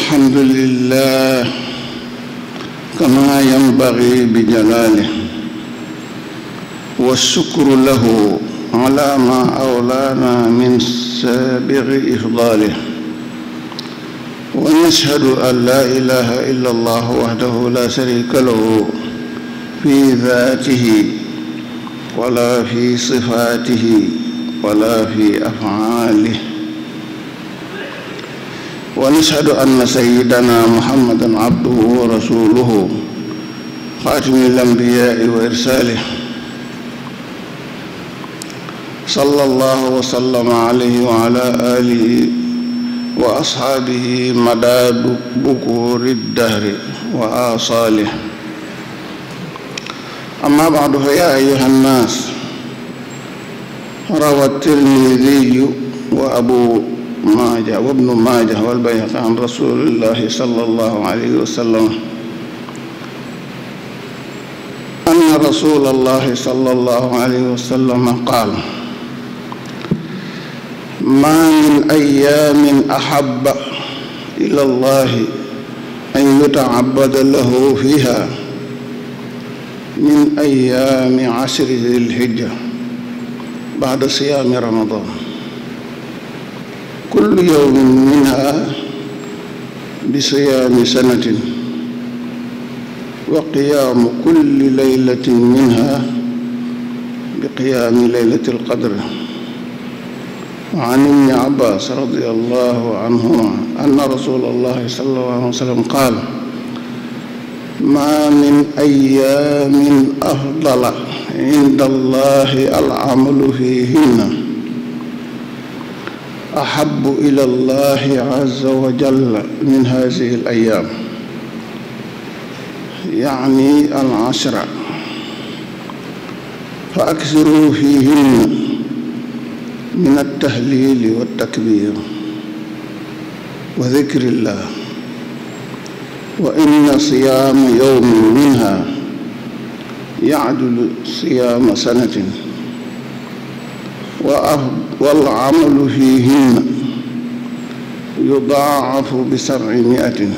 الحمد لله كما ينبغي بجلاله والشكر له على ما أولانا من سابغ إفضاله ونشهد أن لا إله إلا الله وحده لا شريك له في ذاته ولا في صفاته ولا في أفعاله ونشهد أن سيدنا محمدا عبده ورسوله خاتم الأنبياء وإرساله صلى الله وسلم عليه وعلى آله وأصحابه مداد بكور الدهر وآصاله أما بعد فيا أيها الناس روى الترمذي وأبو maaja wa ibnu maaja wal bayhaqi an rasulillahi sallallahu alayhi wa sallam anna rasulallahi sallallahu alayhi wa sallam qaala maa min ayyaamin ahabba ila llahi an yuta'abbada lahu fiha min ayyaami ashri dhil hijja ba'da siyaami ramadan kullu yawmin minha bi siyaami sanatin wa qiyaamu kulli laylatin minha bi qiyaami laylati alqadr وعن ابن عباس رضي الله عنهما أن رسول الله صلى الله عليه وسلم قال ما من أيام أفضل عند الله العمل فيهن ahabu ila allahi azza wa jalla min hadihi al ayaam yaani al ashra fa aksiru fihinna min altahlili waltakbir wa dikrillah wa inna siyaama yawmin minha yacdulu siyaama sanatin wal amalu fiihinna yudaafu bi sabi miatin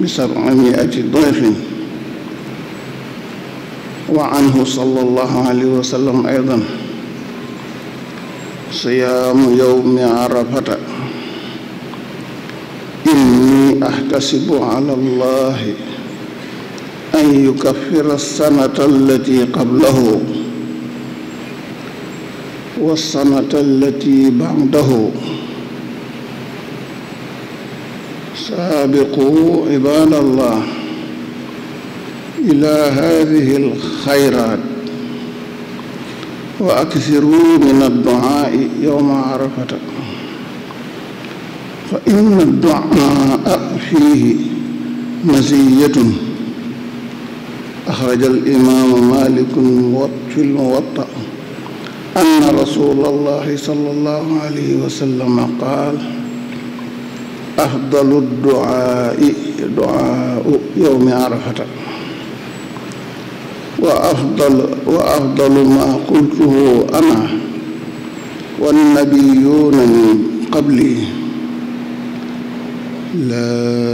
bi sabi miati dayfin wa anhu sallallahu alayhi wa sallam aydan siyaamu yawmi arafata inni ahtasibu ala allahi an yukaffira sanata allati qablahu والسنة التي بعده سابقوا عباد الله إلى هذه الخيرات وأكثروا من الدعاء يوم عرفة فإن الدعاء فيه مزية أخرج الإمام مالك في الموطأ أن رسول الله صلى الله عليه وسلم قال أفضل الدعاء دعاء يوم عرفة وأفضل وأفضل ما قلته أنا والنبيون من قبلي لا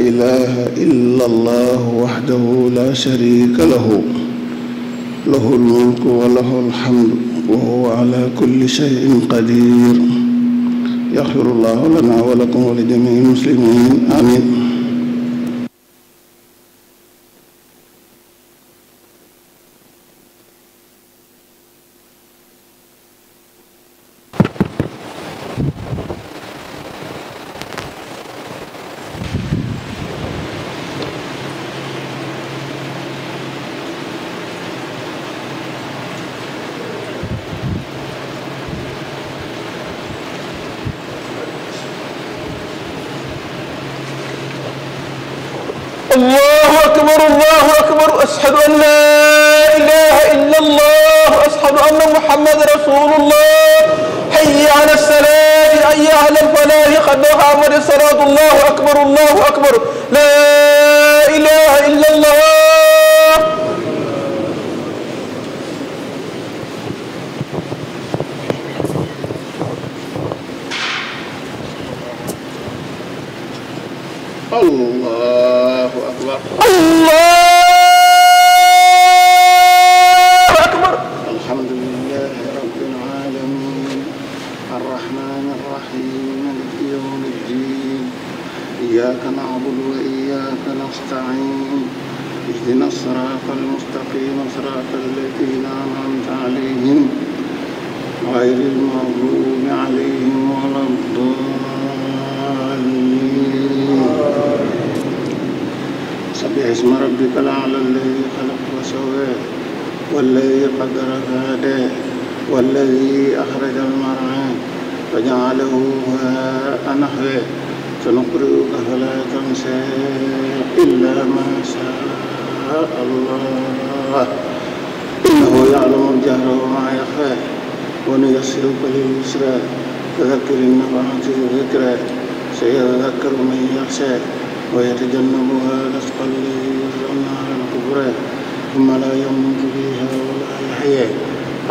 إله إلا الله وحده لا شريك له له الملك وله الحمد وهو على كل شيء قدير يغفر الله لنا ولكم ولجميع المسلمين آمين أشهد أن لا إله إلا الله أشهد أن محمد رسول الله حي على السلام حي على الفلاح قد قامت الصلاة الله أكبر الله أكبر لا إله إلا الله الله أكبر الله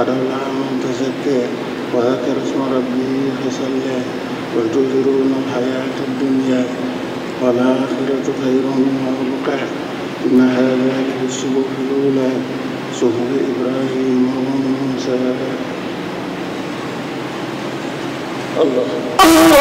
قدمنا من تزكى وذكر اسم ربه فصلى بل تؤثرون الحياة الدنيا والآخرة خير وأبقى إن هذا لفي الصحف الأولى صحف إبراهيم وموسى الله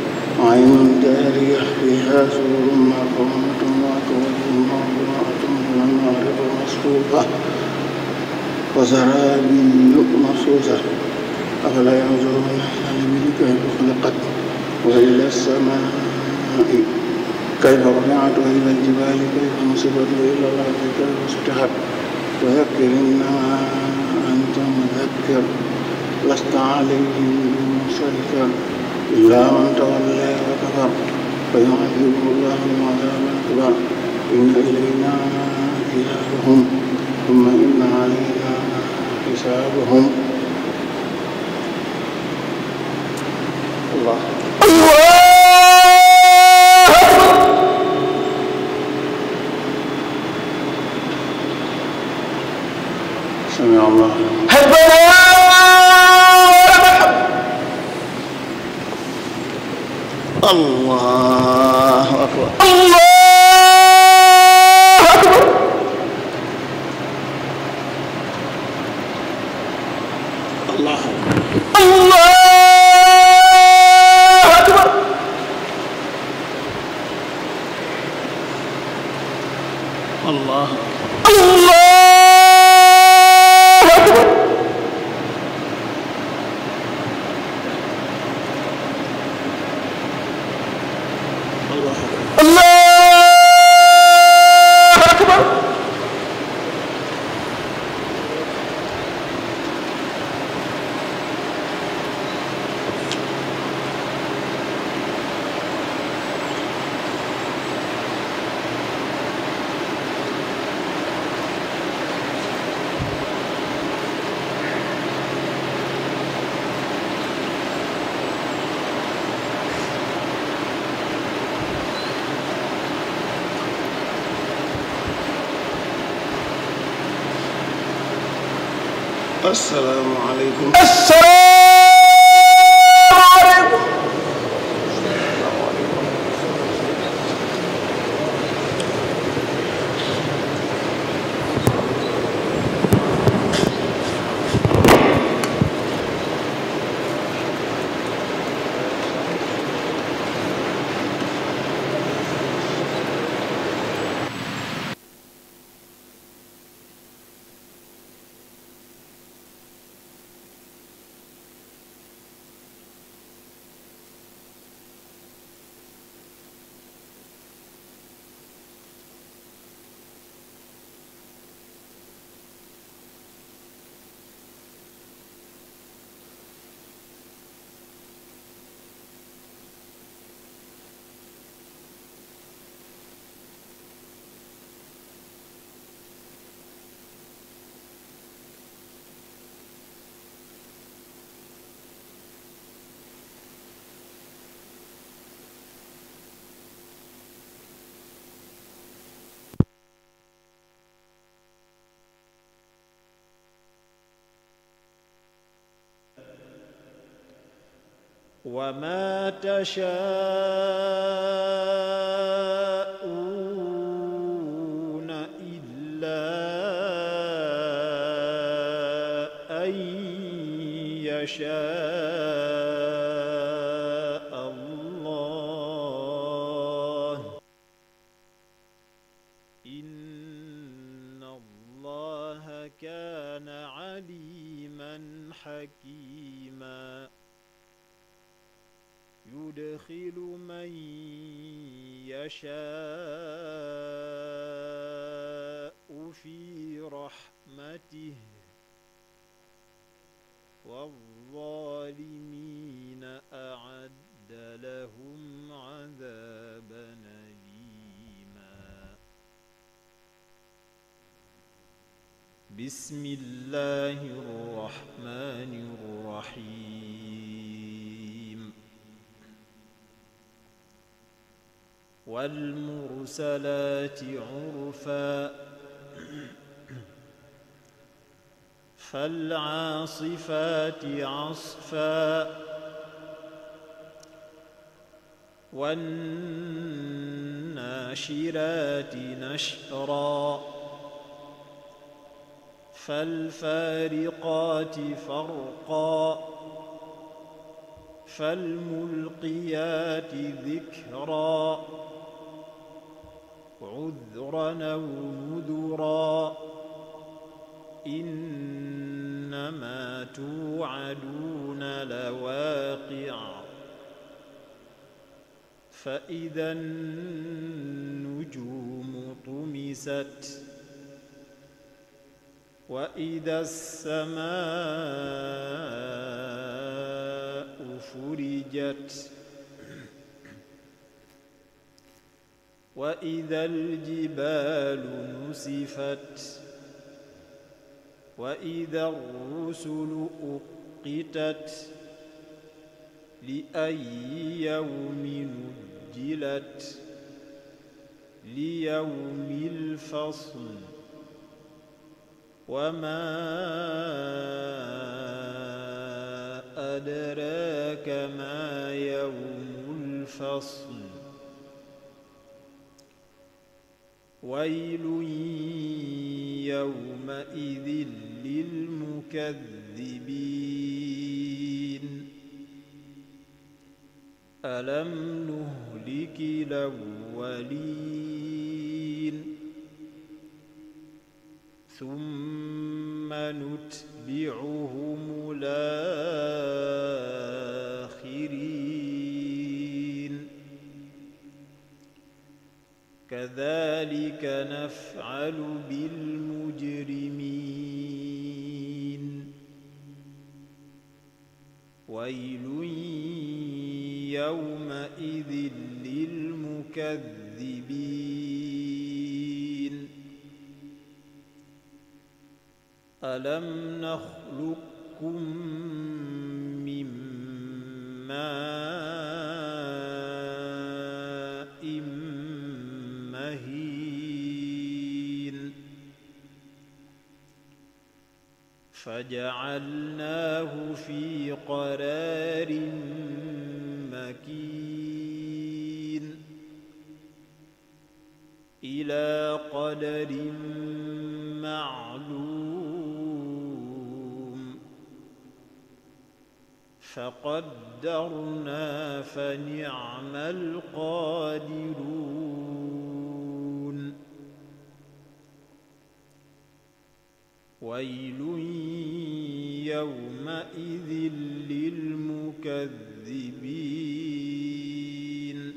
عين جارية فيها سرور مرقومة وأكواب موضوعة ونعرف مصفوفة وزرابي مصوصة أفلا ينظرون إلى الإبل كيف خلقت وإلى السماء كيف رفعت وإلى الجبال كيف نصبت وإلى الأرض كيف سطحت وذكر إنما أنت مذكر لست عليهم بمسيطر إلا من تولى وكفر فيعذبه الله عذابا أكبر إن إلينا إيابهم ثم إن علينا حسابهم الله asalaamaaleykum وما تشاءون إلا أن يشاء الله إن الله كان عليما حكيما يدخل من يشاء في رحمته والظالمين أعد لهم عذابا أليما بسم الله الرحمن الرحيم والمرسلات عرفا فالعاصفات عصفا والناشرات نشرا فالفارقات فرقا فالملقيات ذكرا عذرا أو نذرا إنما توعدون لواقع فإذا النجوم طمست وإذا السماء فرجت wa idal jibaalu nusifat wa idar rusulu uqitat li ayyi yawmin ujjilat li yawmil fasl wa maa adraaka maa yawmul fasl ويل يومئذ للمكذبين ألم نهلك الأولين ثم نتبعهم الآخرين كذلك نفعل بالمجرمين ويل يومئذ للمكذبين ألم نخلقكم من ماء فجعلناه في قرار مكين إلى قدر معلوم فقدرنا فنعم القادرون ويل يومئذ للمكذبين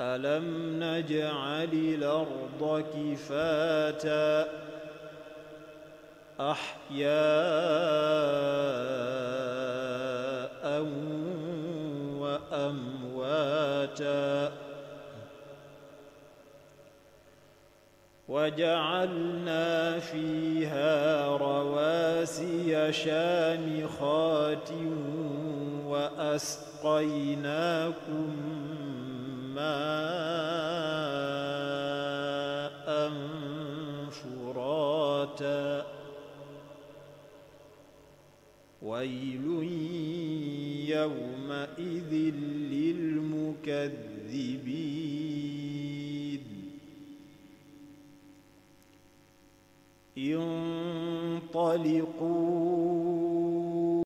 ألم نجعل الأرض كفاتا أحياء وأمواتا وجعلنا فيها رواسي شامخات وأسقيناكم ماء فراتا ويل يومئذ للمكذبين انطلقوا